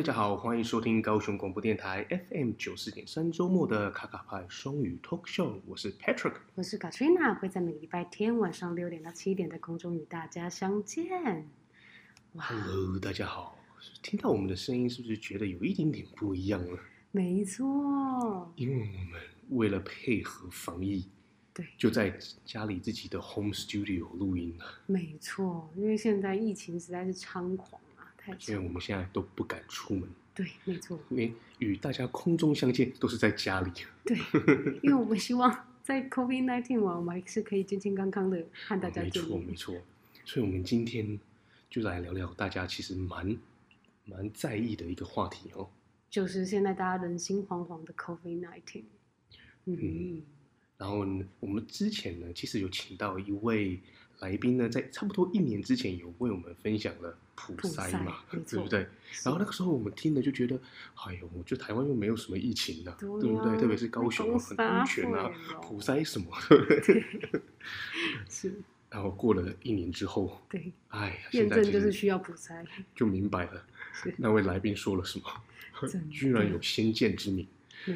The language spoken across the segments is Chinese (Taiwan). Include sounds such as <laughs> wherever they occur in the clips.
大家好，歡迎收聽高雄廣播電臺 FM 九四點三周末的卡卡派雙語 Talk Show，我是 Patrick，我是 Katrina，會在每個禮拜天晚上六點到七點在空中與大家相見。Hello，大家好，聽到我們的聲音是不是覺得有一點點不一樣了？沒錯，因為我們為了配合防疫，對，就在家裡自己的 Home Studio 錄音了。沒錯，因為現在疫情實在是猖狂。因為我們現在都不敢出門，對，沒錯。因為與大家空中相見都是在家裡，對。因為我們希望在 COVID-19 亡，啊、 <laughs> 我們還是可以健健康康的和大家、哦。沒錯，沒錯。所以，我們今天就來聊聊大家其實蠻蠻在意的一個話題哦，就是現在大家人心惶惶的 COVID-19。嗯，嗯，然後我們之前呢，其實有請到一位。來賓呢，在差不多一年之前有為我們分享了普篩嘛，對不對？然後那個時候我們聽了就覺得，哎呦，我覺得台灣又沒有什麼疫情的，對不對？特別是高雄很安全啊，普篩什麼的？是。然後過了一年之後，對，哎，驗證就是需要普篩，就明白了。那位來賓說了什麼？居然，有先見之明。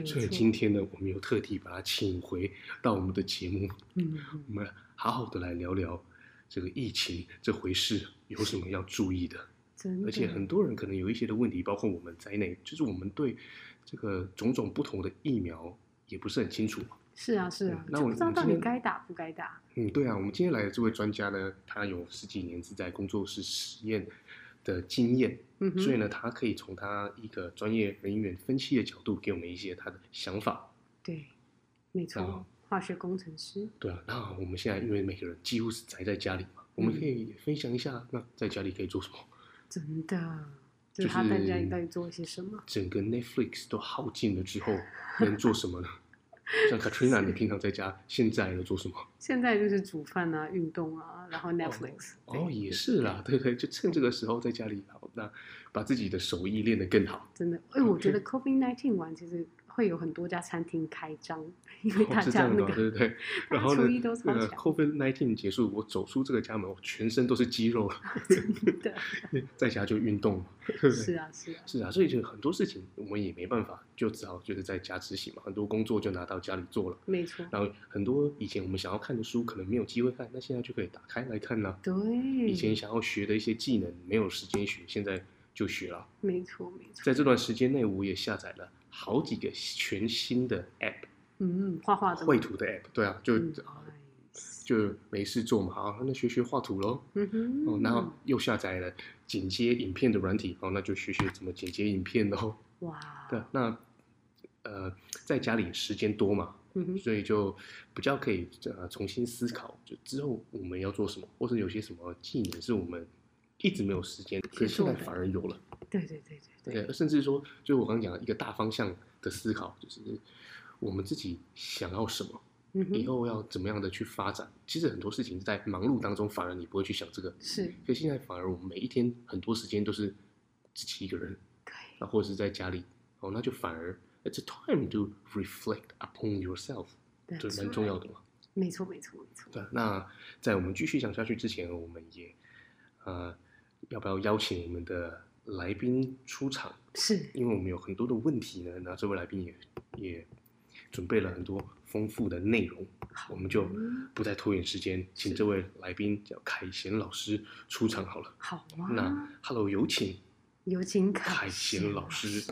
所以今天呢，我們又特地把他請回到我們的節目，嗯，我們好好的來聊聊。這個疫情這回事有什麼要注意的？真的，而且很多人可能有一些的問題，包括我們在內，就是我們對這個種種不同的疫苗也不是很清楚嘛。是啊，是啊，那我、嗯、不知道到底該打不該打嗯。嗯，對啊，我們今天來的這位專家呢，他有十幾年是在工作室實驗的經驗，嗯、哼所以呢，他可以從他一個專業人員分析的角度給我們一些他的想法。對，沒錯。化學工程師，對啊，那我們現在因為每個人幾乎是宅在家裡嘛，嗯、我們可以分享一下，那在家裡可以做什麼？真的，就是他在家裡到底做了些什麼？整個 Netflix 都耗盡了之後，能做什麼呢？ <laughs> 像 Katrina，你是平常在家現在有做什麼？現在就是煮飯啊，運動啊，然後 Netflix、oh, 對。哦，也是啦，對對，就趁這個時候在家裡對好，那把自己的手藝練得更好。真的，哎、欸，我覺得 COVID-19 玩 Okay. 其實。會有很多家餐廳開張，因為大家是這樣、啊、對不對？都然後呢？那個、 <laughs> 呃、COVID-19 結束，我走出這個家門，我全身都是肌肉了。 <laughs> <laughs> 真的在家就運動了。 <laughs> 是啊，是啊，是啊。所以就很多事情，我們也沒辦法，就只好就是在家執行嘛。很多工作就拿到家裡做了。沒錯。然後很多以前我們想要看的書，可能沒有機會看，那現在就可以打開來看了、啊。對。以前想要學的一些技能，沒有時間學，現在就學了。沒錯，沒錯。在這段時間內，我也下載了。好幾個全新的 app，嗯，畫畫的，繪圖的 app，對啊，就、嗯、就沒事做嘛，啊，那學學畫圖嘍，嗯哼，然後又下載了剪接影片的軟體，哦，那就學學怎麼剪接影片嘍，哇，對，那呃，在家裡時間多嘛，嗯哼，所以就比較可以呃重新思考，就之後我們要做什麼，或者有些什麼技能是我們。一直沒有時間，可是現在反而有了。對對對對，對。甚至說，就我剛剛講的一個大方向的思考，就是我們自己想要什麼，嗯、哼以後要怎麼樣的去發展。其實很多事情在忙碌當中，反而你不會去想這個。是。可是現在反而我們每一天很多時間都是自己一個人，可以對、啊。或者是在家裡，哦，那就反而對 It's time to reflect upon yourself，這是很重要的嘛。沒錯，沒錯，沒錯。對，那在我們繼續講下去之前，我們也呃。要不要邀請我們的來賓出場？是，因為我們有很多的問題呢，那這位來賓也也準備了很多豐富的內容，的我們就不再拖延時間，請這位來賓叫凱賢老師出場好了。好、啊，那 Hello，有請，有請凱賢老師。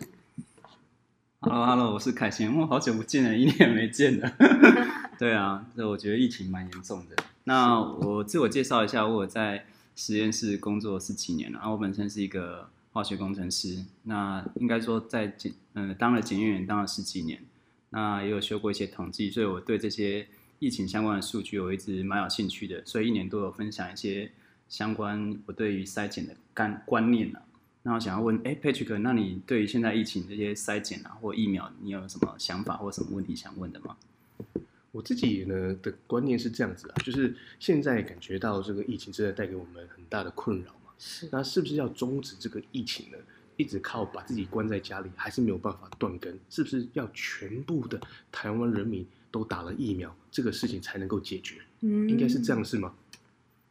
Hello，Hello， <laughs> hello, 我是凱旋，我好久不見了一年沒見了。 <laughs> 對啊，那我覺得疫情蠻嚴重的。 <laughs> 那我自我介紹一下，我在。實驗室工作十幾年了，啊，我本身是一個化學工程師，那應該說在檢，嗯、呃，當了檢驗員當了十幾年，那也有學過一些統計，所以我對這些疫情相關的數據我一直蠻有興趣的，所以一年都有分享一些相關我對於篩檢的干觀念，啊、那我想要問，哎，Patrick，那你對於現在疫情這些篩檢啊或疫苗，你有什麼想法或什麼問題想問的嗎？我自己呢的觀念是這樣子啊，就是現在感覺到這個疫情真的帶給我們很大的困擾嘛。是那是不是要終止這個疫情呢？一直靠把自己關在家裡，還是沒有辦法斷根？是不是要全部的台灣人民都打了疫苗，這個事情才能夠解決？嗯，應該是這樣是嗎？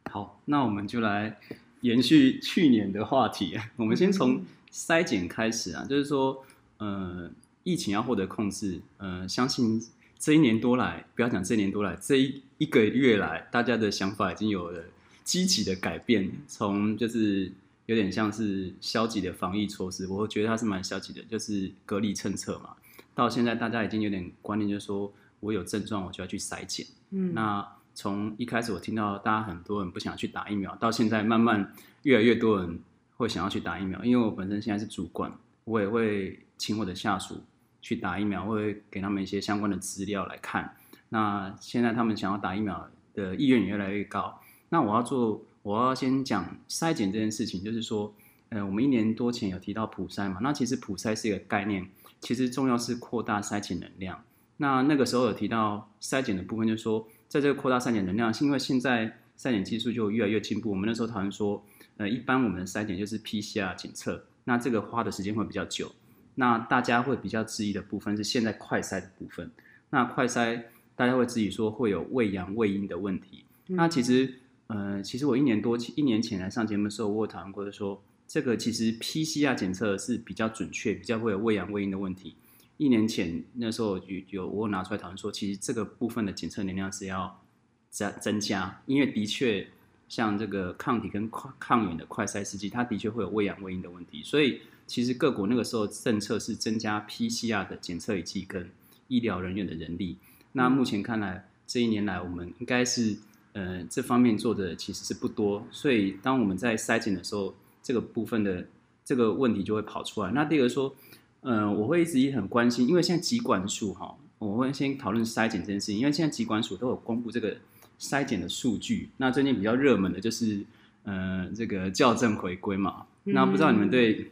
好，那我們就來延續去年的話題， <laughs> 我們先從篩檢開始啊，就是說，呃，疫情要獲得控制，呃，相信。這一年多來，不要講這一年多來，這一一個月來，大家的想法已經有了積極的改變。從就是有點像是消極的防疫措施，我覺得它是蠻消極的，就是隔離政策嘛。到現在大家已經有點觀念，就是說我有症狀，我就要去篩檢。嗯，那從一開始我聽到大家很多人不想去打疫苗，到現在慢慢越來越多人會想要去打疫苗。因為我本身現在是主管，我也會請我的下屬。去打疫苗，我會給他們一些相關的資料來看。那現在他們想要打疫苗的意願也越來越高。那我要做，我要先講篩檢這件事情，就是說，呃，我們一年多前有提到普篩嘛，那其實普篩是一個概念，其實重要是擴大篩檢能量。那那個時候有提到篩檢的部分，就是說，在這個擴大篩檢能量，是因為現在篩檢技術就越來越進步。我們那時候討論說，呃，一般我們的篩檢就是 PCR 檢測，那這個花的時間會比較久。那大家會比較質疑的部分是現在快篩的部分。那快篩大家會質疑說會有偽陽偽陰的問題。Okay. 那其實，嗯、呃，其實我一年多前一年前來上節目的時候，我有討論過就說，這個其實 PCR 檢測是比較準確，比較會有偽陽偽陰的問題。一年前那時候有有我有拿出來討論說，其實這個部分的檢測能量是要增增加，因為的確像這個抗體跟抗抗原的快篩試劑，它的確會有偽陽偽陰的問題，所以。其實各國那個時候政策是增加 PCR 的檢測以及跟醫療人員的人力。那目前看來，這一年來我們應該是呃這方面做的其實是不多。所以當我們在篩檢的時候，這個部分的這個問題就會跑出來。那第二個說，嗯、呃，我會一直也很關心，因為現在疾管署吼，我會先討論篩檢這件事情。因為現在疾管署都有公布這個篩檢的數據。那最近比較熱門的就是呃這個校正回歸嘛。那不知道你們對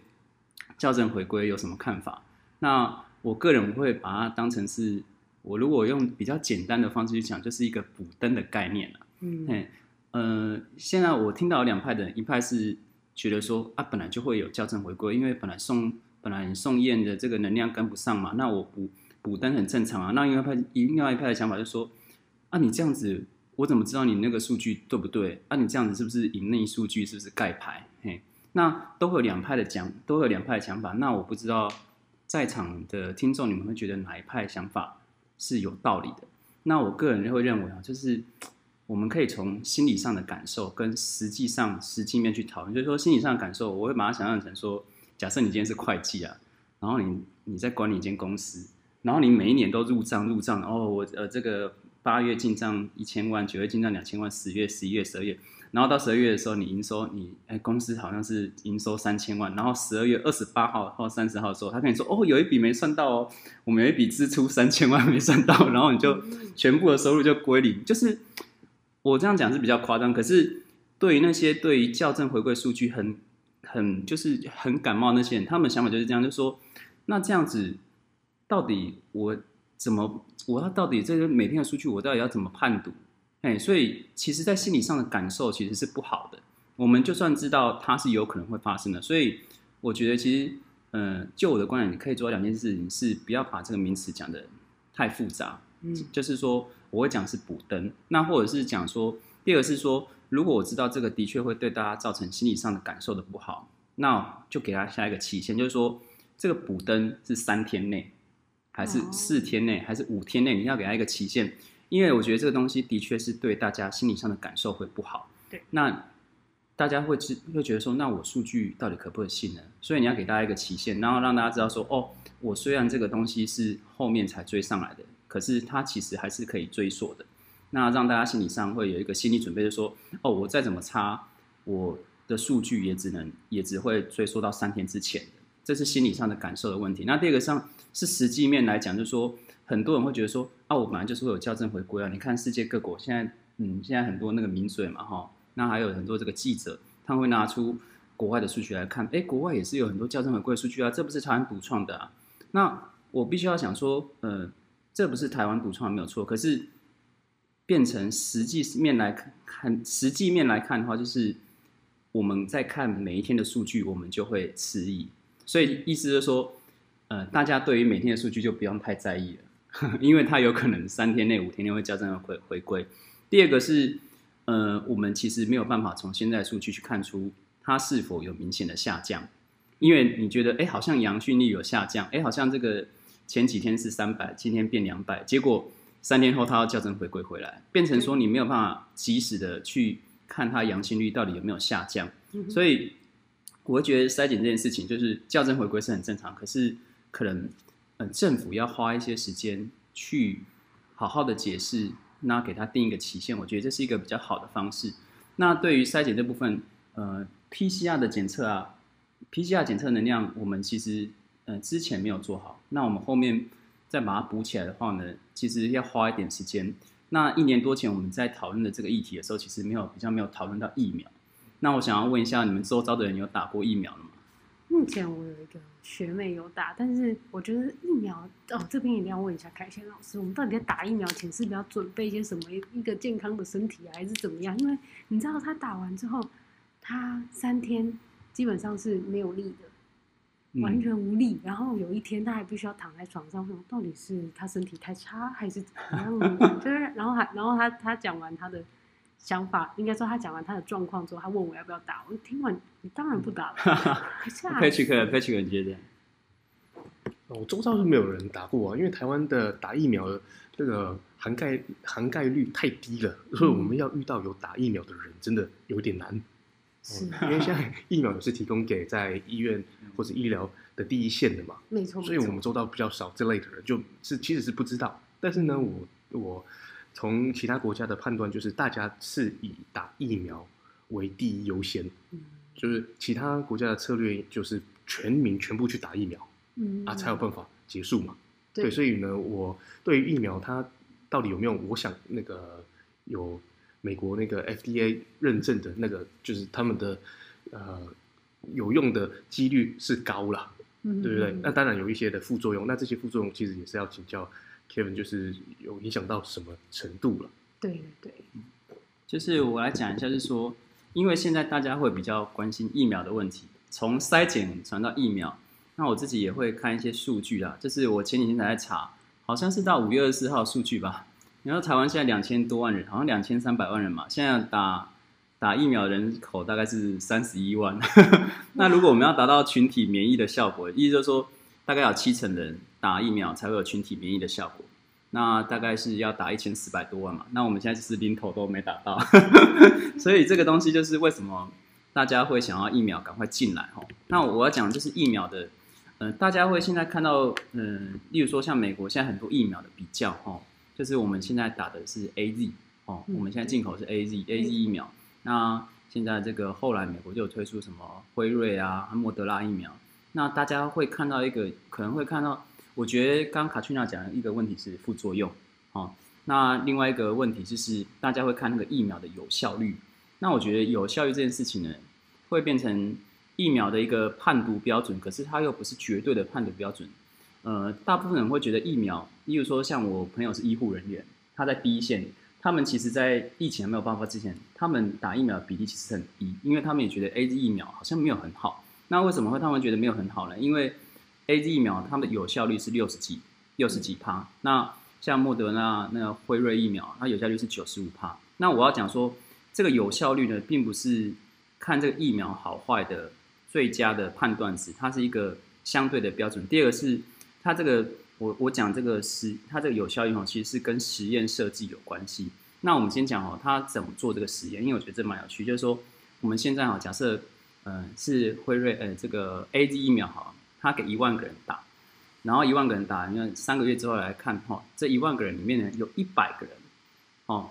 校正回歸有什麼看法？那我個人會把它當成是，我如果用比較簡單的方式去講，就是一個補登的概念、啊、嗯，呃，現在我聽到兩派的人，一派是覺得說啊，本來就會有校正回歸，因為本來送本來送驗的這個能量跟不上嘛，那我補補登很正常啊。那另外一派，另外一派的想法就是說，啊，你這樣子，我怎麼知道你那個數據對不對？啊，你這樣子是不是隱匿數據，是不是蓋牌？嘿。那都會有兩派的講，都會有兩派的想法。那我不知道在場的聽眾你們會覺得哪一派想法是有道理的？那我個人就會認為啊，就是我們可以從心理上的感受跟實際上實際面去討論。就是說心理上的感受，我會把它想象成說，假設你今天是會計啊，然後你你在管理一間公司，然後你每一年都入賬入賬，哦，我呃這個八月進賬一千萬，九月進賬兩千萬，十月、十一月、十二月。然後到十二月的時候，你營收你，你哎，公司好像是營收三千萬。然後十二月二十八號或三十號的時候，他跟你說，哦，有一筆沒算到哦，我們有一筆支出三千萬沒算到，然後你就全部的收入就歸零。就是我這樣講是比較誇張，可是對於那些對於校正回歸數據很很就是很感冒那些人，他們想法就是這樣，就說那這樣子到底我怎麼我要到底這個每天的數據，我到底要怎麼判讀？Hey, 所以其實，在心理上的感受其實是不好的。我們就算知道它是有可能會發生的，所以我覺得其實，嗯、呃，就我的觀點，你可以做兩件事情：你是不要把這個名詞講得太複雜，嗯、就是說我會講是補登，那或者是講說，第二個是說，如果我知道這個的確會對大家造成心理上的感受的不好，那就給他下一個期限，就是說，這個補登是三天內，還是四天內，還是五天內，你要給他一個期限。因為我覺得這個東西的確是對大家心理上的感受會不好。對。那大家會知會覺得說，那我數據到底可不可信呢？所以你要給大家一個期限，然後讓大家知道說，哦，我雖然這個東西是後面才追上來的，可是它其實還是可以追溯的。那讓大家心理上會有一個心理準備，就是說，哦，我再怎麼差，我的數據也只能也只會追溯到三天之前。這是心理上的感受的問題。那第二個上是實際面來講，就是說。很多人會覺得說啊，我本來就是會有校正回歸啊！你看世界各國現在，嗯，現在很多那個名嘴嘛，齁，那還有很多這個記者，他會拿出國外的數據來看，哎，國外也是有很多校正回歸的數據啊，這不是台灣獨創的啊。那我必須要想說，呃，這不是台灣獨創沒有錯，可是變成實際面來看，實際面來看的話，就是我們在看每一天的數據，我們就會遲疑。所以意思就是說，呃，大家對於每天的數據就不用太在意了。 <laughs> 因為它有可能三天內、五天內會校正回回歸。第二個是，呃，我們其實沒有辦法從現在數據去看出它是否有明顯的下降，因為你覺得，哎、欸，好像陽性率有下降，哎、欸，好像這個前幾天是三百，今天變兩百，結果三天後它要校正回歸回來，變成說你沒有辦法及時的去看它陽性率到底有沒有下降，所以我覺得篩檢這件事情就是校正回歸是很正常，可是可能。嗯、呃，政府要花一些時間去好好的解釋，那給他定一個期限，我覺得這是一個比較好的方式。那對於篩檢這部分，呃，PCR 的檢測啊，PCR 檢測能量，我們其實呃之前沒有做好，那我們後面再把它補起來的話呢，其實要花一點時間。那一年多前我們在討論的這個議題的時候，其實沒有比較沒有討論到疫苗。那我想要問一下，你們周遭的人有打過疫苗嗎？目前我有一個學妹有打，但是我覺得疫苗哦，這邊一定要問一下凱旋老師，我們到底在打疫苗前是要準備一些什麼？一個健康的身體、啊、還是怎麼樣？因為你知道他打完之後，他三天基本上是沒有力的，嗯、完全無力。然後有一天他還必須要躺在床上，說到底是他身體太差還是怎麼樣？就是然後還然後他然後他，他講完他的。想法應該說，他講完他的狀況之後，他問我要不要打。我一聽完，你當然不打了。可以去，可以，可以去，可以接着。 <music> <music> 我周遭是沒有人打過啊，因為台灣的打疫苗的這個涵蓋涵蓋率太低了，所以我們要遇到有打疫苗的人真的有點難。是、嗯，因為現在疫苗也是提供給在醫院或者醫療的第一線的嘛。沒錯。所以，我們周遭比較少這類的人，就是其實是不知道。但是呢，我我。從其他國家的判斷就是，大家是以打疫苗為第一優先，嗯，就是其他國家的策略就是全民全部去打疫苗，嗯，啊，才有辦法結束嘛，對，所以呢，我對於疫苗它到底有沒有，我想那個有美國那個 FDA 認證的那個，就是他們的呃有用的幾率是高了，對不對？那當然有一些的副作用，那這些副作用其實也是要請教。Kevin 就是有影響到什麼程度了？對對，對，就是我來講一下，就是說，因為現在大家會比較關心疫苗的問題，從篩檢傳到疫苗，那我自己也會看一些數據啊。就是我前幾天才在查，好像是到五月二十四號數據吧。然後台灣現在兩千多萬人，好像兩千三百萬人嘛，現在打打疫苗人口大概是三十一萬。 <laughs> 那如果我們要達到群體免疫的效果，意思就是說大概有七成人，打疫苗才會有群體免疫的效果，那大概是要打一千四百多萬嘛。那我們現在就是零頭都沒打到呵呵，所以這個東西就是為什麼大家會想要疫苗趕快進來哦，那我要講就是疫苗的，嗯、呃，大家會現在看到，嗯、呃，例如說像美國現在很多疫苗的比較哦，就是我們現在打的是 A Z 哦，我們現在進口是 A Z A Z 疫苗，那現在這個後來美國就有推出什麼輝瑞啊、莫德拉疫苗，那大家會看到一個，可能會看到。我覺得剛剛卡翠娜講的一個問題是副作用，哦，那另外一個問題就是大家會看那個疫苗的有效率。那我覺得有效率這件事情呢，會變成疫苗的一個判讀標準，可是它又不是絕對的判讀標準。呃，大部分人會覺得疫苗，例如說像我朋友是醫護人員，他在第一線，他們其實在疫情還沒有爆發之前，他們打疫苗的比例其實很低，因為他們也覺得 AZ 疫苗好像沒有很好。那為什麼會他們覺得沒有很好呢？因為 A Z 疫苗，它們的有效率是六十幾、六十幾趴。那像莫德納、那個輝瑞疫苗，它有效率是九十五趴。那我要講說，這個有效率呢，並不是看這個疫苗好壞的最佳的判斷值，它是一個相對的標準。第二個是，它這個我我講這個實，它這個有效率哦，其實是跟實驗設計有關係。那我們先講哦，它怎麼做這個實驗？因為我覺得這蠻有趣，就是說，我們現在哈，假設，嗯、呃，是輝瑞，呃，這個 A Z 疫苗哈。他給一萬，個人打，然後一萬個人打，你看三個月之後來看哈、哦，這一萬個人裡面呢，有一百個人，哦，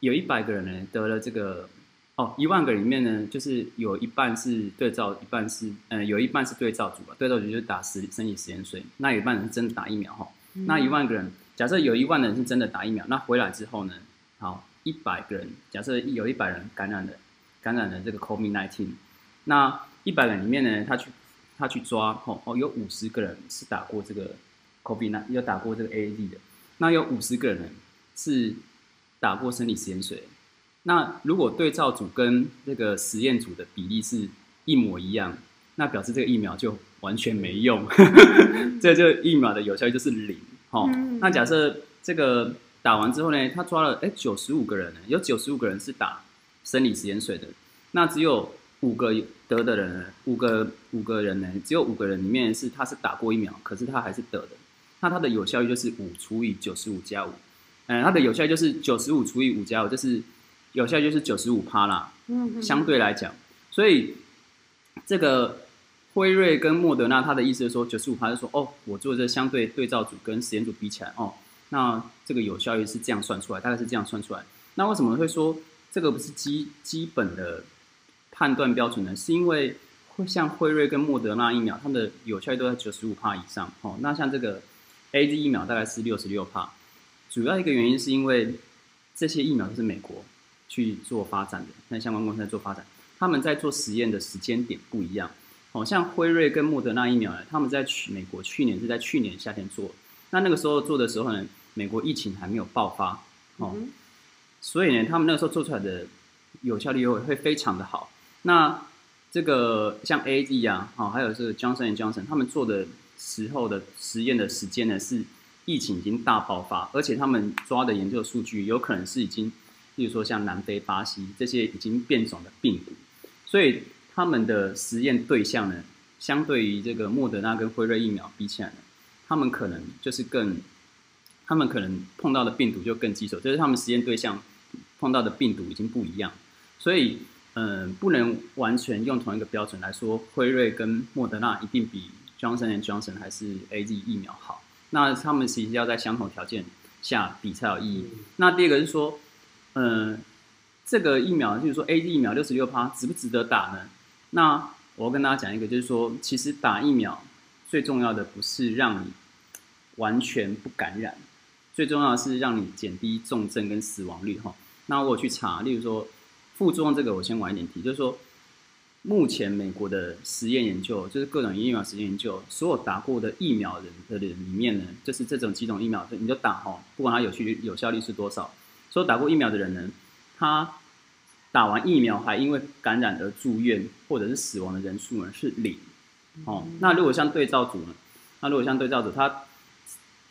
有一百個人呢得了這個，哦，一萬個人裡面呢，就是有一半是對照，一半是，呃，有一半是對照組吧，對照組就是打十生理鹽水，那有一半人真的打疫苗哈，哦嗯、那一萬個人，假設有一萬人是真的打疫苗，那回來之後呢，好，一百個人，假設有一百人感染了，感染了這個 COVID nineteen，那一百個人裡面呢，他去。他去抓，吼哦，有五十個人是打過這個 COVID，有打過這個 A A D 的，那有五十個人是打過生理食鹽水。那如果對照組跟這個實驗組的比例是一模一樣，那表示這個疫苗就完全沒用，對 <laughs> <laughs> 這就疫苗的有效率就是零。吼，那假設這個打完之後呢，他抓了誒九十五個人，有九十五個人是打生理食鹽水的，那只有。五個得的人，五個五個人呢？只有五個人裡面是他是打過疫苗，可是他還是得的。那他的有效率就是五除以九十五加五，嗯，他的有效率就是九十五除以五加五，就是有效率就是九十五趴啦。嗯，嗯，嗯，相對來講，所以這個輝瑞跟莫德納，他的意思是說九十五趴，是說哦，我做這相對對照組跟實驗組比起來哦，那這個有效率是這樣算出來，大概是這樣算出來。那為什麼會說這個不是基基本的？判斷標準呢，是因為會像輝瑞跟莫德納疫苗，它們的有效率都在九十五趴以上。哦，那像這個 A Z 疫苗大概是六十六趴。主要一個原因是因為這些疫苗都是美國去做發展的，那相關公司在做發展，他們在做實驗的時間點不一樣。哦，像輝瑞跟莫德納疫苗呢，他們在去美國去年是在去年夏天做，那那個時候做的時候呢，美國疫情還沒有爆發。哦，嗯、所以呢，他們那個時候做出來的有效率也會會非常的好。那這個像 AD 啊，哦，還有是 Johnson & Johnson，他們做的時候的實驗的時間呢，是疫情已經大爆發，而且他們抓的研究數據有可能是已經，例如說像南非、巴西這些已經變種的病毒，所以他們的實驗對象呢，相對於這個莫德納跟輝瑞疫苗比起來呢，他們可能就是更，他們可能碰到的病毒就更棘手，就是他們實驗對象碰到的病毒已經不一樣，所以。嗯，不能完全用同一個標準來說，輝瑞跟莫德納一定比 Johnson and Johnson 還是 AZ 疫苗好。那他們其實要在相同條件下比才有意義。那第二個是說，嗯，這個疫苗，就是說 AZ 疫苗六十六趴，值不值得打呢？那我跟大家講一個，就是說，其實打疫苗最重要的不是讓你完全不感染，最重要的是讓你減低重症跟死亡率哈。那我去查，例如說。副作用這個我先晚一點提，就是說，目前美國的實驗研究，就是各種疫苗實驗研究，所有打過的疫苗的人的人裡面呢，就是這種幾種疫苗，你就打哦，不管它有效率有效率是多少，所有打過疫苗的人呢，他打完疫苗還因為感染而住院或者是死亡的人數呢是零，哦，那如果像對照組呢，那如果像對照組他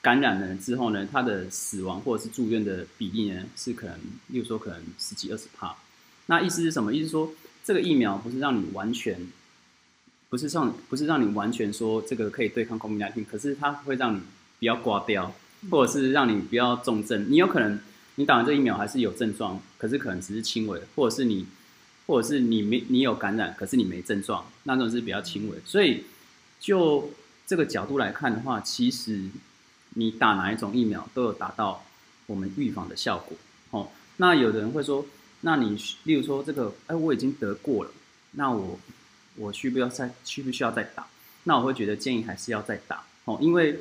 感染了之後呢，他的死亡或者是住院的比例呢是可能，例如說可能十幾二十趴。那意思是什麼？意思說，這個疫苗不是讓你完全，不是讓不是讓你完全說這個可以對抗 Covid-19，可是它會讓你比較掛掉，或者是讓你比較重症。你有可能你打完這疫苗還是有症狀，可是可能只是輕微，或者是你或者是你沒你有感染，可是你沒症狀，那種是比較輕微。所以就這個角度來看的話，其實你打哪一種疫苗都有達到我們預防的效果。哦，那有的人會說。那你例如說這個，哎、欸，我已經得過了，那我我需不需要再需不需要再打？那我會覺得建議還是要再打哦，因為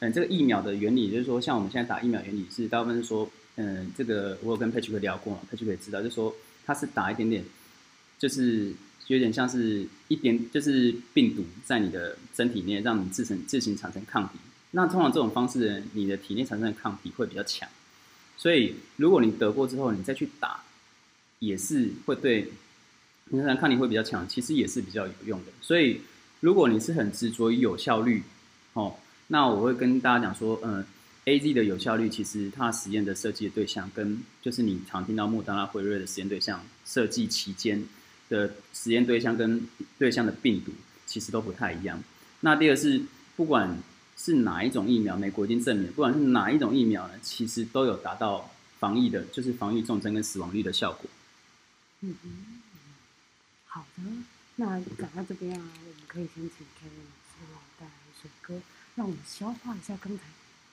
嗯、呃，這個疫苗的原理就是說，像我們現在打疫苗原理是大部分是說，嗯、呃，這個我有跟佩奇哥聊過嘛，佩奇哥也知道，就是說它是打一點點，就是有點像是一點，就是病毒在你的身體內讓你自身自行產生抗體。那通常這種方式呢，你的體內產生的抗體會比較強，所以如果你得過之後，你再去打。也是會對，看你看抗會比較強，其實也是比較有用的。所以如果你是很執着於有效率，哦，那我會跟大家講說，嗯，呃，A Z 的有效率其實它實驗的設計的對象跟就是你常聽到莫德納輝瑞的實驗對象設計期間的實驗對象跟對象的病毒其實都不太一樣。那第二是，不管是哪一種疫苗美國已經證明，不管是哪一種疫苗呢，其實都有達到防疫的，就是防禦重症跟死亡率的效果。嗯嗯，好的，那講到這邊啊，我們可以先請 Kevin 老師為我們帶來一首歌，讓我們消化一下剛才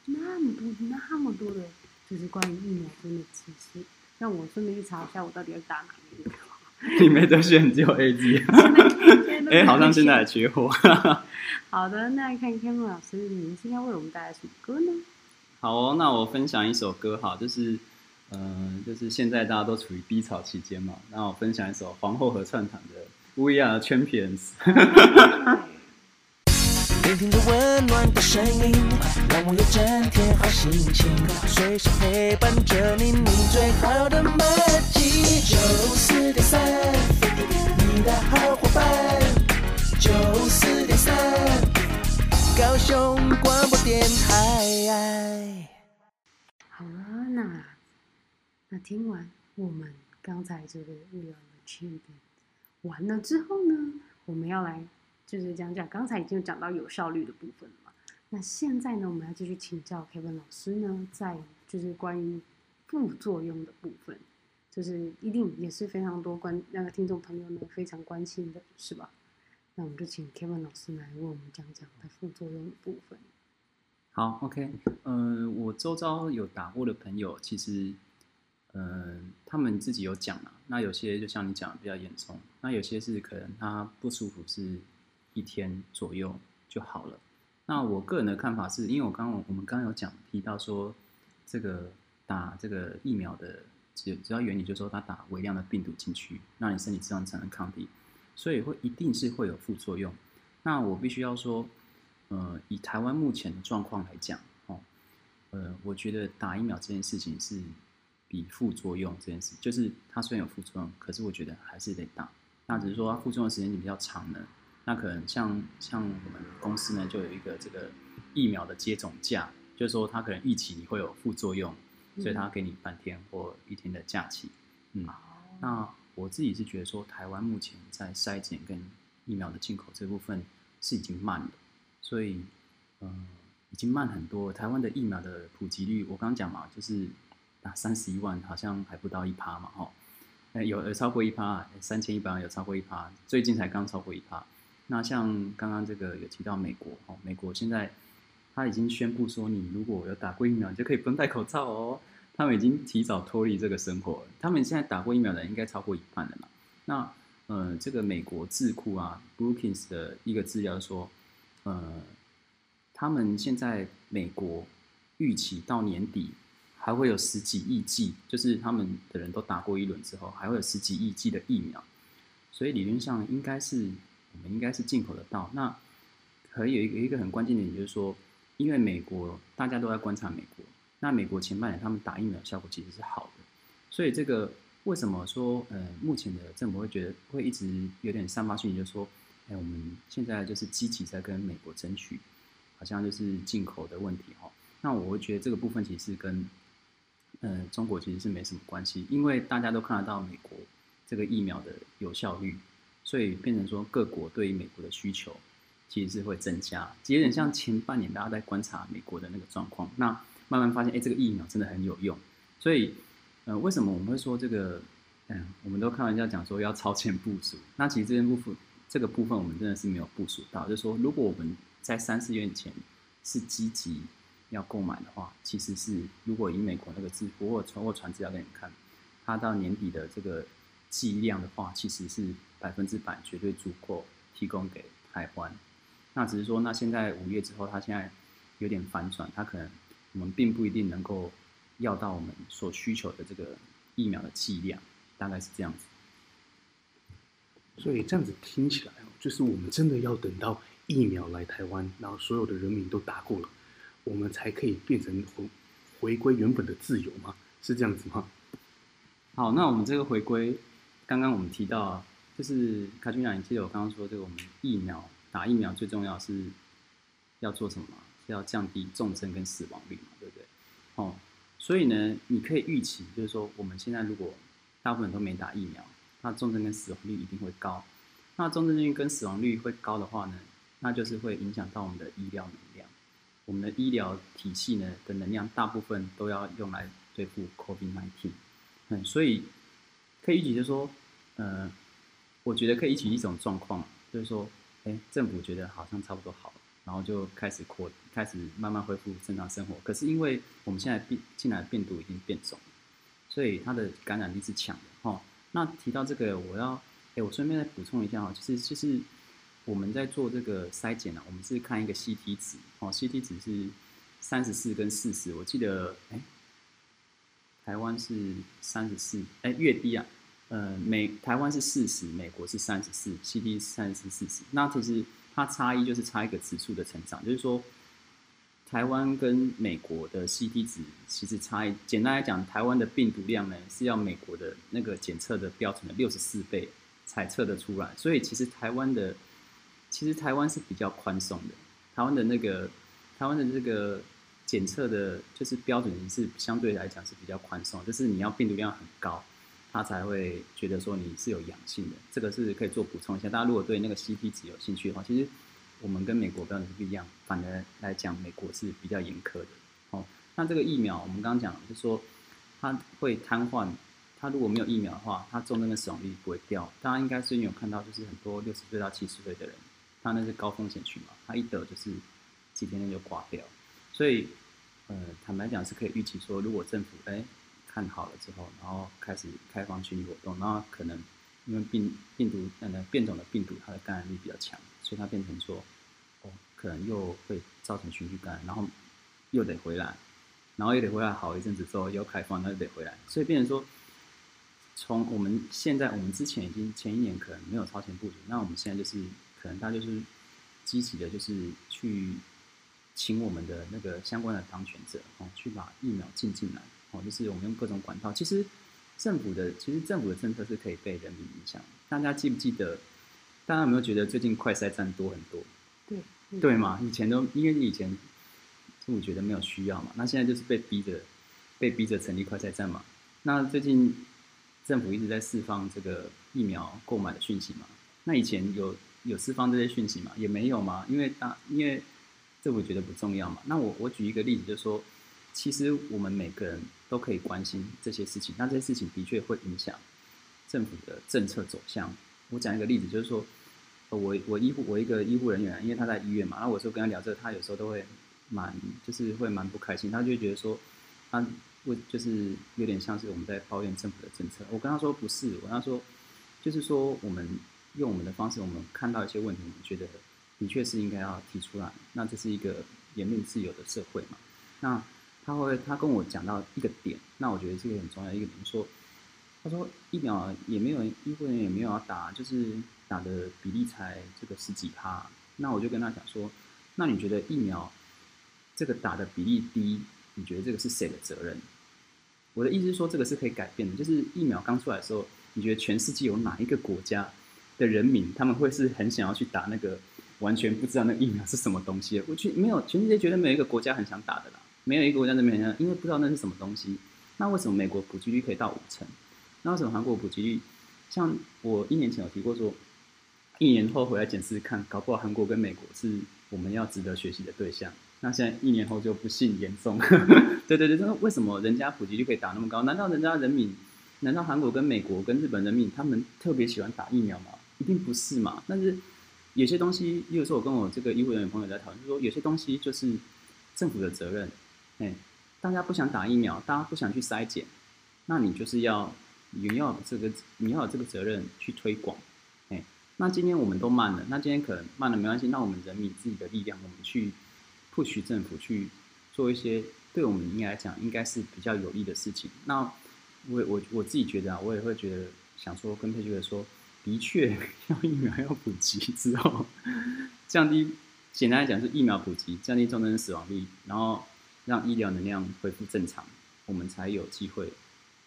那麼多那麼多的，就是關於疫苗針的知識。讓我順便去查一下，我到底要打哪一種。你沒得選，只有 AZ。哎 <laughs> 欸，好像現在還缺貨。 <laughs> 好的，那看 Kevin 老師，您今天為我們帶來什麼歌呢？好哦，那我分享一首歌，哈，就是。嗯、呃，就是現在大家都處於低潮期間嘛，那我分享一首皇後合唱團的 We Are Champions <laughs> 。聆聽著溫暖的聲音，讓我有整天好心情，隨身陪伴著你，你最好的麻吉，94.3，你的好夥伴，94.3，高雄廣播電台。那聽完我們剛才這個目標的設定完了之後呢，我們要來就是講講剛才已經有講到有效率的部分了嘛。那現在呢，我們要繼續請教 Kevin 老師呢，在就是關於副作用的部分，就是一定也是非常多關那個聽眾朋友們非常關心的是吧？那我們就請 Kevin 老師來為我們講講他副作用的部分。好，OK，嗯、呃，我周遭有打過的朋友其實。嗯、呃，他們自己有講了，啊。那有些就像你講的比較嚴重，那有些是可能他不舒服是一天左右就好了。那我個人的看法是，因為我剛我們剛剛有講提到說，這個打這個疫苗的主要原理就是說，他打微量的病毒進去，那你身體自然產生抗體，所以會一定是會有副作用。那我必須要說，呃，以台灣目前的狀況來講，哦，呃，我覺得打疫苗這件事情是。比副作用這件事，就是它雖然有副作用，可是我覺得還是得打。那只是說它副作用的時間比較長了。那可能像像我們公司呢，就有一個這個疫苗的接種假，就是說它可能預期你會有副作用，所以它給你半天或一天的假期。嗯，嗯，那我自己是覺得說，台灣目前在篩檢跟疫苗的進口這部分是已經慢了，所以嗯，已經慢很多。台灣的疫苗的普及率，我剛剛講嘛，就是。打三十一萬，好像還不到一趴嘛，哈，有有超過一趴，三千一百萬有超過一趴，最近才剛超過一趴。那像剛剛這個有提到美國，哈，美國現在他已經宣布說，你如果有打過疫苗，就可以不用戴口罩哦。他們已經提早脫離這個生活了，他們現在打過疫苗的人應該超過一半了嘛。那，呃，這個美國智庫啊，Brookings 的一個資料說，呃，他們現在美國預期到年底。還會有十幾億劑，就是他們的人都打過一輪之後，還會有十幾億劑的疫苗，所以理論上應該是我們應該是進口得到。那可以有一個，有一個很關鍵點，就是說，因為美國大家都在觀察美國，那美國前半年他們打疫苗效果其實是好的，所以這個為什麼說，呃，目前的政府會覺得會一直有點散發訊息，就是說，哎、欸，我們現在就是積極在跟美國爭取，好像就是進口的問題哈、喔。那我會覺得這個部分其實是跟嗯、呃，中國其實是沒什麼關係，因為大家都看得到美國這個疫苗的有效率，所以變成說各國對於美國的需求其實是會增加，其實有點像前半年大家在觀察美國的那個狀況，那慢慢發現，哎，這個疫苗真的很有用，所以，呃，為什麼我們會說這個，嗯、呃，我們都開玩笑講說要超前部署，那其實這邊部分這個部分我們真的是沒有部署到，就是說如果我們在三四月以前是積極。要購買的話，其實是如果以美國那個支付或或傳資料給你們看，它到年底的這個劑量的話，其實是百分之百絕對足夠提供給台灣。那只是說，那現在五月之後，它現在有點反轉，它可能我們並不一定能夠要到我們所需求的這個疫苗的劑量，大概是這樣子。所以這樣子聽起來，就是我們真的要等到疫苗來台灣，然後所有的人民都打過了。我們才可以變成回回歸原本的自由嗎？是這樣子嗎？好，那我們這個回歸，剛剛我們提到，就是卡君啊，你記得我剛剛說這個，我們疫苗打疫苗最重要是要做什麼？是要降低重症跟死亡率嘛，對不對？哦，所以呢，你可以預期，就是說我們現在如果大部分都沒打疫苗，那重症跟死亡率一定會高。那重症率跟死亡率會高的話呢，那就是會影響到我們的醫療能量。我們的醫療體系呢的能量大部分都要用來對付 COVID-19，嗯，所以可以預計就是說，呃，我覺得可以預計一種狀況，就是說、欸，政府覺得好像差不多好了，然後就開始擴，開始慢慢恢復正常生活。可是因為我們現在病進來病毒已經變種了，所以它的感染力是強的哈。那提到這個，我要，欸、我順便再補充一下哈，就是就是。我們在做這個篩檢呢，啊，我們是看一個 CT 值哦，CT 值是三十四跟四十，我記得哎，台灣是三十四，哎越低啊，呃，美台灣是四十，美國是三十四，CT 是三十四、四十，那其實它差異就是差一個指數的成長，就是說台灣跟美國的 CT 值其實差異，簡單來講，台灣的病毒量呢是要美國的那個檢測的標準的六十四倍才測得出來，所以其實台灣的。其實台灣是比較寬鬆的，台灣的那個，台灣的這個檢測的，就是標準是相對來講是比較寬鬆，就是你要病毒量很高，他才會覺得說你是有陽性的。這個是可以做補充一下。大家如果對那個 CT 值有興趣的話，其實我們跟美國標準是不一樣，反而來講美國是比較嚴苛的。哦，那這個疫苗，我們剛剛講就是說，它會癱瘓，他如果沒有疫苗的話，他重症的死亡率不會掉。大家應該是有看到，就是很多六十歲到七十歲的人。他那是高風險區嘛，他一得就是幾天內就掛掉，所以，呃，坦白講是可以預期說，如果政府哎看好了之後，然後開始開放群聚活動，然後可能因為病病毒呃變種的病毒它的感染力比較強，所以它變成說，哦，可能又會造成群聚感染，然後又得回來，然後又得回來好一陣子之後又開放，那又得回來，所以變成說，從我們現在我們之前已經前一年可能沒有超前部署，那我們現在就是。可能他就是積極的，就是去請我們的那個相關的當權者哦，去把疫苗進進來哦，就是我們用各種管道。其實政府的，其實政府的政策是可以被人民影響。大家記不記得？大家有沒有覺得最近快篩站多很多？對對嘛，以前都因為你以前政府覺得沒有需要嘛，那現在就是被逼着被逼着成立快篩站嘛。那最近政府一直在釋放這個疫苗購買的訊息嘛？那以前有。有釋放這些訊息嘛？也沒有嘛，因為大、啊，因為這我覺得不重要嘛。那我我舉一個例子就是說，就說其實我們每個人都可以關心這些事情，但這些事情的確會影響政府的政策走向。我講一個例子，就是說，呃，我我醫護，我一個醫護人員，因為他在醫院嘛，那我說跟他聊這個，他有時候都會蠻，就是會蠻不開心，他就會覺得說，他，啊，我就是有點像是我們在抱怨政府的政策。我跟他說不是，我跟他說就是說我們。用我們的方式，我們看到一些問題，我們覺得的確是應該要提出來。那這是一個言論自由的社會嘛？那他會，他跟我講到一個點，那我覺得這個很重要一個點，說他說疫苗也沒有，醫護人員也沒有要打，就是打的比例才這個十幾趴。那我就跟他講說，那你覺得疫苗這個打的比例低，你覺得這個是誰的責任？我的意思是說，這個是可以改變的。就是疫苗剛出來的時候，你覺得全世界有哪一個國家？的人民，他們會是很想要去打那個完全不知道那個疫苗是什麼東西的，我去沒有，全世界覺得沒有一個國家很想打的啦，沒有一個國家的人想，因為不知道那是什麼東西。那為什麼美國普及率可以到五成？那為什麼韓國普及率，像我一年前有提過說，一年後回來檢視看，搞不好韓國跟美國是我們要值得學習的對象。那現在一年後就不幸言中，對對對，那為什麼人家普及率可以打那麼高？難道人家人民？難道韓國跟美國跟日本人民他們特別喜歡打疫苗嗎？一定不是嘛？但是有些東西，比如說我跟我這個醫護人員朋友在討論，就是、說有些東西就是政府的責任。哎、欸，大家不想打疫苗，大家不想去篩檢，那你就是要你要有這個你要有這個責任去推廣。哎、欸，那今天我們都慢了，那今天可能慢了沒關係，那我們人民自己的力量，我們去 push 政府去做一些對我們應該來講應該是比較有益的事情。那我我我自己覺得啊，我也會覺得想說跟佩奇姐說。的確，要疫苗要普及之後，降低，簡單來講是疫苗普及降低重症死亡率，然後讓醫療能量恢復正常，我們才有機會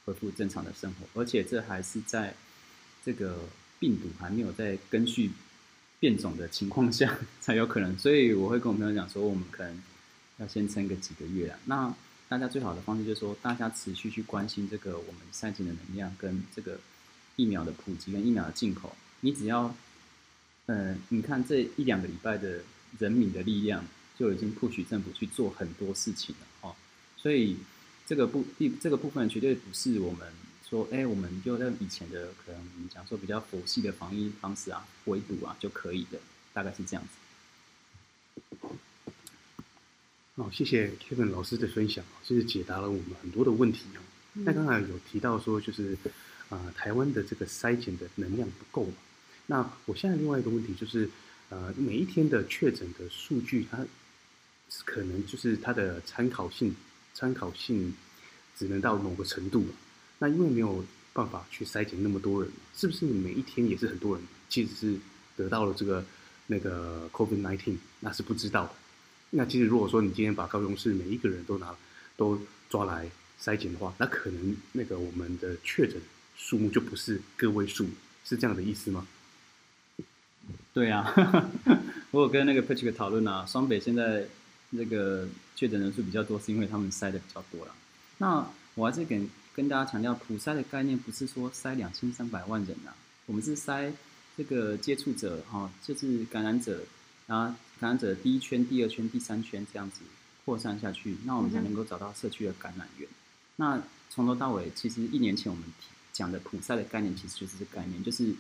恢復正常的生活。而且這還是在這個病毒還沒有在根據變種的情況下才有可能。所以我會跟我朋友講說，我們可能要先撐個幾個月啦。那大家最好的方式就是說，大家持續去關心這個我們篩檢的能量跟這個。疫苗的普及跟疫苗的進口，你只要，嗯、呃，你看這一兩個禮拜的人民的力量，就已經迫使政府去做很多事情了，哦，所以這個部，這個部分絕對不是我們說，哎、欸，我們就在以前的可能我們講說比較佛系的防疫方式啊，圍堵啊就可以的，大概是這樣子。好，哦，謝謝 Kevin 老師的分享，就是解答了我們很多的問題他那剛才有提到說，就是。啊、呃，台灣的這個篩檢的能量不夠，那我現在另外一個問題就是，呃，每一天的確診的數據，它可能就是它的參考性，參考性只能到某個程度。那因為沒有辦法去篩檢那麼多人，是不是你每一天也是很多人其實是得到了這個那個 COVID-19，那是不知道的。那其實如果說你今天把高雄市每一個人都拿都抓來篩檢的話，那可能那個我們的確診。數目就不是個位數，是這樣的意思嗎？對啊，我跟那個 Patrick 討論啊，雙北現在那個確診人數比較多，是因為他們篩的比較多了。那我還是跟跟大家強調，普篩的概念不是說篩兩千三百萬人啊，我們是篩這個接觸者啊、喔、就是感染者啊，感染者第一圈、第二圈、第三圈這樣子擴散下去，那我們才能夠找到社區的感染源。嗯、那從頭到尾，其實一年前我們提。講的普篩的概念其實就是這概念，就是，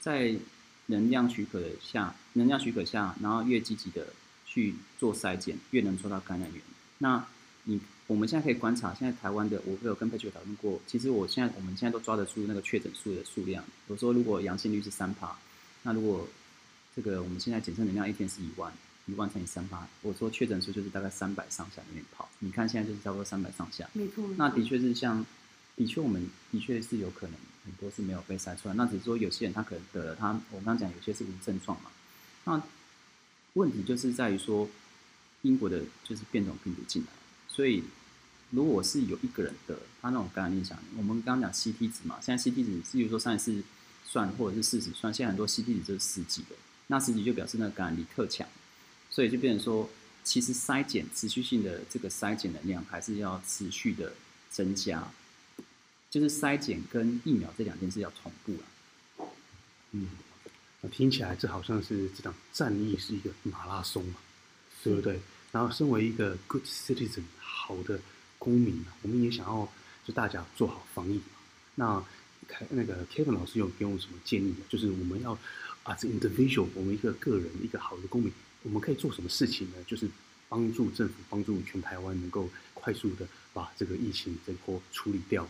在能量許可下，能量許可下，然後越積極的去做篩檢，越能抓到感染源。那你我們現在可以觀察，現在台灣的，我沒有跟佩奇討論過。其實我現在，我們現在都抓得住那個確診數的數量。我說，如果陽性率是三趴，那如果這個我們現在檢測能量一天是一萬，一萬乘以三趴，我說確診數就是大概三百上下裡面跑。你看現在就是差不多三百上下，沒錯，沒錯，那的確是像。的確，我們的確是有可能很多是沒有被篩出來。那只是說，有些人他可能得了他，我剛剛講有些是無症狀嘛。那問題就是在於說，英國的就是變種病毒進來，所以如果是有一個人得他那種感染力強，我們剛剛講 C T 值嘛，現在 C T 值，比如說三十四算或者是四十算，現在很多 C T 值就是十幾的，那十幾就表示那個感染力特強，所以就變成說，其實篩檢持續性的這個篩檢能量還是要持續的增加。就是篩檢跟疫苗這兩件事要同步了、啊。嗯，那聽起來這好像是這場戰役是一個馬拉松嘛，對不對？嗯、然後身為一個 good citizen 好的公民，我們也想要就大家做好防疫。那凱那個 Kevin 老師有給我們什麼建議呢？就是我們要 as individual 我們一個個人一個好的公民，我們可以做什麼事情呢？就是幫助政府，幫助全台灣能夠快速的把這個疫情這波處理掉。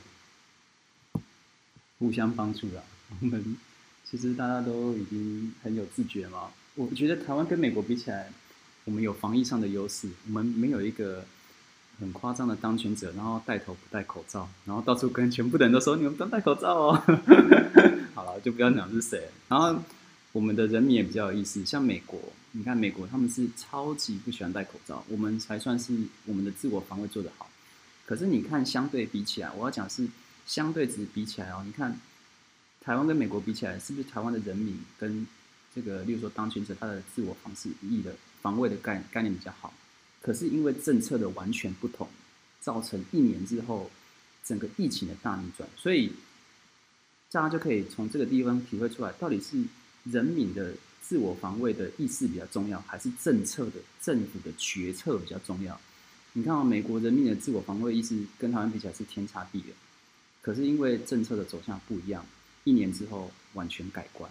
互相幫助的、啊，我們其實大家都已經很有自覺嘛。我覺得台灣跟美國比起來，我們有防疫上的優勢。我們沒有一個很誇張的當權者，然後帶頭不戴口罩，然後到處跟全部的人都說：“你們都戴口罩哦。 <laughs> ”好了，就不要講是誰。然後我們的人民也比較有意思，像美國，你看美國他們是超級不喜歡戴口罩，我們才算是我們的自我防衛做得好。可是你看，相對比起來，我要講是。相對值比起來哦，你看，台灣跟美國比起來，是不是台灣的人民跟這個，例如說當權者，他的自我防衛意的防衛的概概念比較好？可是因為政策的完全不同，造成一年之後整個疫情的大逆轉，所以大家就可以從這個地方體會出來，到底是人民的自我防衛的意識比較重要，還是政策的政府的決策比較重要？你看啊，哦，美國人民的自我防衛意識跟台灣比起來是天差地遠。可是因為政策的走向不一樣，一年之後完全改觀，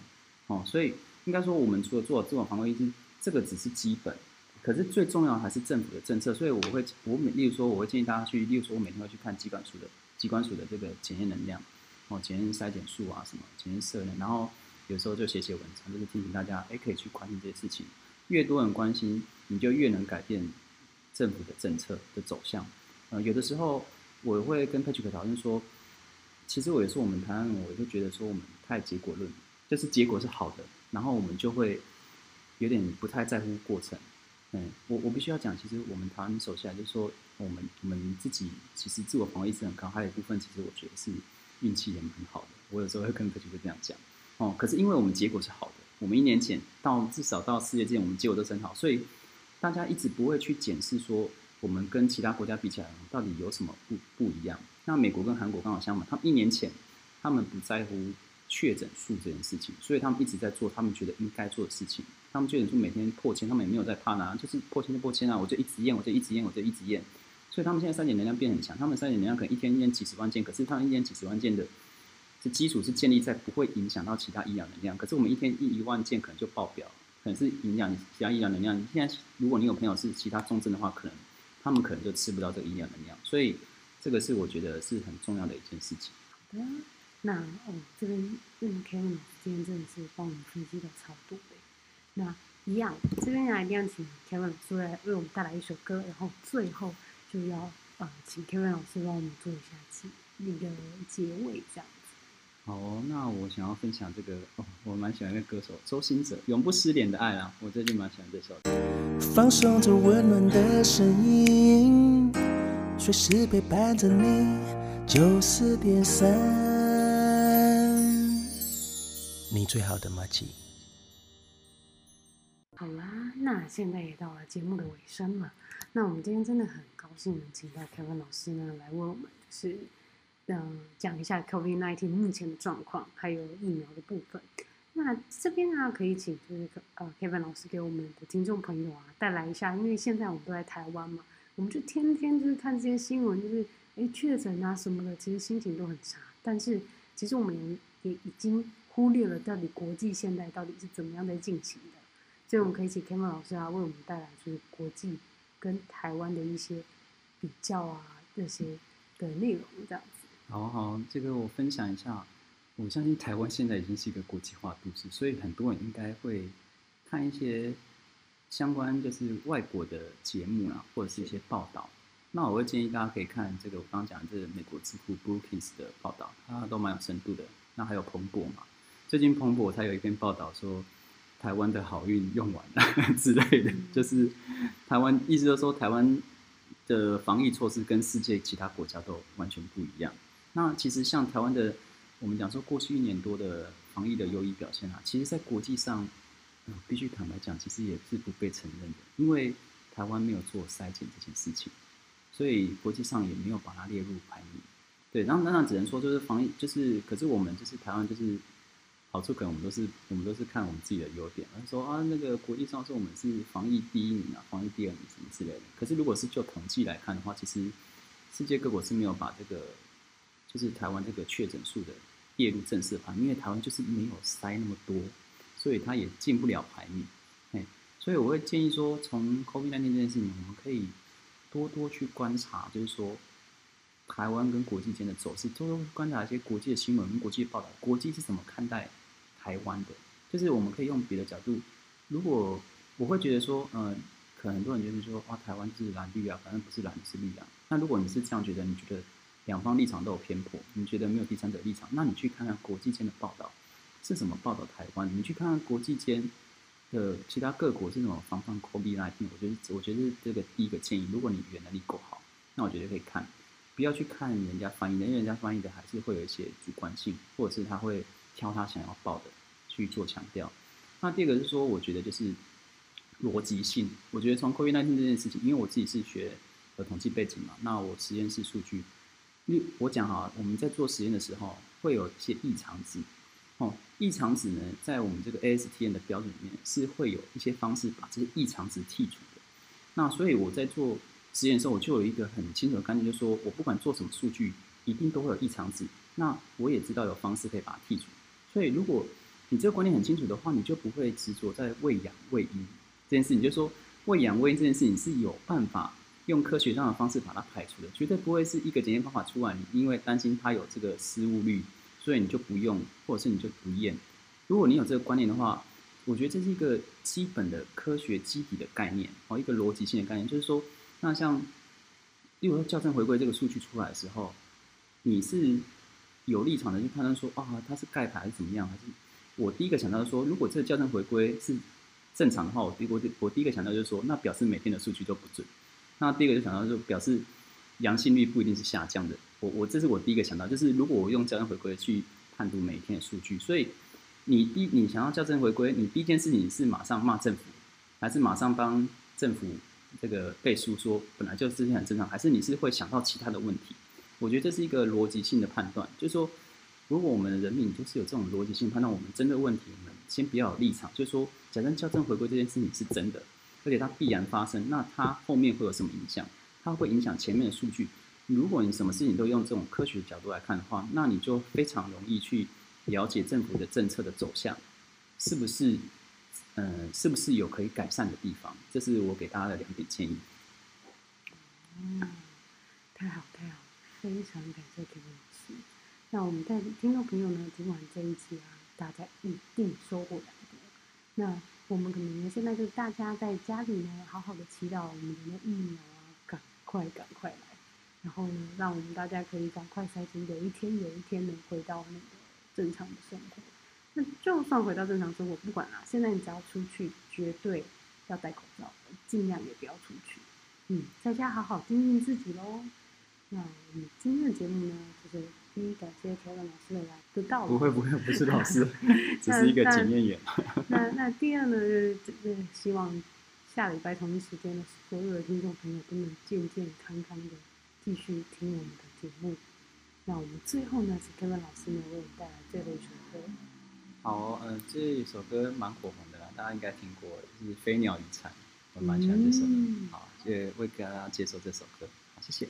哦，所以應該說我們除了做這種防衛基金，這個只是基本，可是最重要的還是政府的政策。所以我會，我每，例如說我會建議大家去，例如說我每天會去看機關署的機關署的這個檢驗能量，哦，檢驗篩檢數啊什麼，檢驗射量，然後有時候就寫寫文章，就是提醒大家，哎、欸，可以去關心這些事情。越多人關心，你就越能改變政府的政策的走向。呃，有的時候我會跟 Patrick 討論說。其實我也是我們台灣，我就覺得說我們太結果論，就是結果是好的，然後我們就會有點不太在乎過程。嗯，我我必須要講，其實我們台灣手下來，就是說我們我們自己其實自我防御意識很高，還有一部分其實我覺得是運氣也蠻好的。我有時候會跟客戶會這樣講，哦，可是因為我們結果是好的，我們一年前到至少到四月之間，我們結果都是很好，所以大家一直不會去檢視說我們跟其他國家比起來到底有什麼不不一樣。那美國跟韓國剛好相反，他們一年前，他們不在乎確診數這件事情，所以他們一直在做他們覺得應該做的事情。他們確診數每天破千，他們也沒有在怕啦、啊，就是破千就破千啊，我就一直驗，我就一直驗，我就一直驗。所以他們現在篩檢能量變很強，他們篩檢能量可能一天驗幾十萬件，可是他們一天幾十萬件的，這基礎是建立在不會影響到其他醫療能量。可是我們一天一一萬件可能就爆表，可能是影響其他醫療能量。現在如果你有朋友是其他重症的話，可能他們可能就吃不到這個醫療能量，所以。這個是我覺得是很重要的一件事情。好的，那哦這邊用 Kevin 老師，今天真的是幫我們分析的超多。那一樣，這邊來一樣，請 Kevin 老師來為我們帶來一首歌，然後最後就要啊、呃，請 Kevin 老師幫我們做一下你的結尾，這樣子。好、哦，那我想要分享這個，哦、我蠻喜歡的歌手周興哲，《永不失聯的愛、啊》啦，我最近蠻喜歡這首的。放鬆著溫暖的聲音。隨時陪伴着你，九十點三。你最好的麻吉。好啦，那現在也到了節目的尾聲了。那我們今天真的很高興能請到 Kevin 老師呢來為我們、就是，是嗯講一下 COVID-19 目前的狀況，還有疫苗的部分。那這邊呢可以請這是呃 Kevin 老師給我們的聽眾朋友啊帶來一下，因為現在我們都在台灣嘛。我們就天天就是看這些新聞，就是哎確診啊什麼的，其實心情都很差。但是其實我們也，也已經忽略了到底國際現在到底是怎麼樣在進行的。所以我們可以請 Kevin 老師啊為我們帶來就是國際跟台灣的一些比較啊這些的內容，這樣子。好好，這個我分享一下。我相信台灣現在已經是一個國際化都市，所以很多人應該會看一些。相關就是外國的節目啊，或者是一些報道，對那我會建議大家可以看這個我剛講的這個美國智庫 Brookings 的報道，它都蠻有深度的。那還有彭博嘛？最近彭博才有一篇報道說，台灣的好運用完了 <laughs> 之類的，就是台灣，意思就是說台灣的防疫措施跟世界其他國家都完全不一樣。那其實像台灣的，我們講說過去一年多的防疫的優異表現啊，其實在國際上。嗯，必須坦白講，其實也是不被承認的，因為台灣沒有做篩檢這件事情，所以國際上也沒有把它列入排名。對，然後那那只能說就是防疫，就是可是我們就是台灣就是好處可能我們都是我們都是看我們自己的優點，而說啊那個國際上說我們是防疫第一名啊，防疫第二名什麼之類的。可是如果是就統計來看的話，其實世界各國是沒有把這個就是台灣這個確診數的列入正式排名，因為台灣就是沒有篩那麼多。所以他也進不了排名，哎，所以我會建議說，從 COVID 19這件事情，我們可以多多去觀察，就是說台灣跟國際間的走勢，多多觀察一些國際的新聞跟國際報道，國際是怎麼看待台灣的。就是我們可以用別的角度。如果我會覺得說，嗯、呃，可能很多人覺得說，啊，台灣是藍綠啊，反正不是藍綠是綠啊。那如果你是這樣覺得，你覺得兩方立場都有偏頗，你覺得沒有第三者的立場，那你去看看國際間的報道。是怎麼報道台灣？你去看看國際間的其他各國是怎麼防範 COVID-19、就是。我覺得，我覺得這個第一個建議，如果你語言能力夠好，那我覺得可以看，不要去看人家翻譯的，因為人家翻譯的還是會有一些主觀性，或者是他會挑他想要報的去做強調。那第二個是說，我覺得就是邏輯性。我覺得從 COVID-19 這件事情，因為我自己是學統計背景嘛，那我實驗室數據，因為我講哈，我們在做實驗的時候會有一些異常值。哦，異常值呢，在我們這個 ASTM 的標準裡面是會有一些方式把這些異常值剔除的。那所以我在做實驗的時候，我就有一個很清楚的觀念，就是說我不管做什麼數據，一定都會有異常值。那我也知道有方式可以把它剔除。所以如果你這個觀念很清楚的話，你就不會執着在偽陽、偽陰這件事情。就是說偽陽、偽陰這件事情是有辦法用科學上的方式把它排除的，絕對不會是一個檢驗方法出來，你因為擔心它有這個失誤率。所以你就不用，或者是你就不驗。如果你有這個觀念的話，我覺得這是一個基本的科學基底的概念，哦，一個邏輯性的概念，就是說，那像，因為校正回歸這個數據出來的時候，你是有立場的去判斷說，啊，它是蓋牌還是怎麼樣？還是我第一個想到是說，如果這個校正回歸是正常的話，我第我我第一個想到就是說，那表示每天的數據都不準。那第二個就想到就是表示陽性率不一定是下降的。我我這是我第一個想到，就是如果我用校正回歸去判讀每一天的數據，所以你第你想要校正回歸，你第一件事情是馬上罵政府，還是馬上幫政府這個背書說本來就是件很正常，還是你是會想到其他的問題？我覺得這是一個邏輯性的判斷，就是說如果我們人民就是有這種邏輯性判斷，我們針對問題，我們先不要有立場，就是說假設校正回歸這件事情是真的，而且它必然發生，那它後面會有什麼影響？它會影響前面的數據。如果你什麼事情都用這種科學的角度來看的話，那你就非常容易去了解政府的政策的走向，是不是？嗯、呃，是不是有可以改善的地方？這是我給大家的兩點建議。嗯，太好太好，非常感謝 Kevin 老師。那我們在聽眾朋友呢？聽完這一期啊，大家一定收穫很多。那我們可能現在就是大家在家裡呢，好好的祈禱我們的疫苗趕快趕快來。然後呢，讓我們大家可以趕快開心，有一天有一天能回到那個正常的生活。那就算回到正常生活，不管了、啊。現在你只要出去，絕對要戴口罩，盡量也不要出去。嗯，在家好好經營自己嘍。那我們今天的節目呢，就是第一，感謝台灣老師來的來到來。不會不會，不是老師， <laughs> 只是一個檢驗員。 <laughs> 那那，那，那第二呢，就是、就是、希望下禮拜同一時間的所有的聽眾朋友都能健健康康的。繼續聽我們的節目。那我們最後呢，是跟 Kevin 老師呢為我們帶來最後一首歌。好，呃，這一首歌蠻火紅的啦，大家應該聽過，就是《飛鳥與蟬》，我蠻喜歡這首的，嗯、好，就為大家介紹這首歌，好謝謝。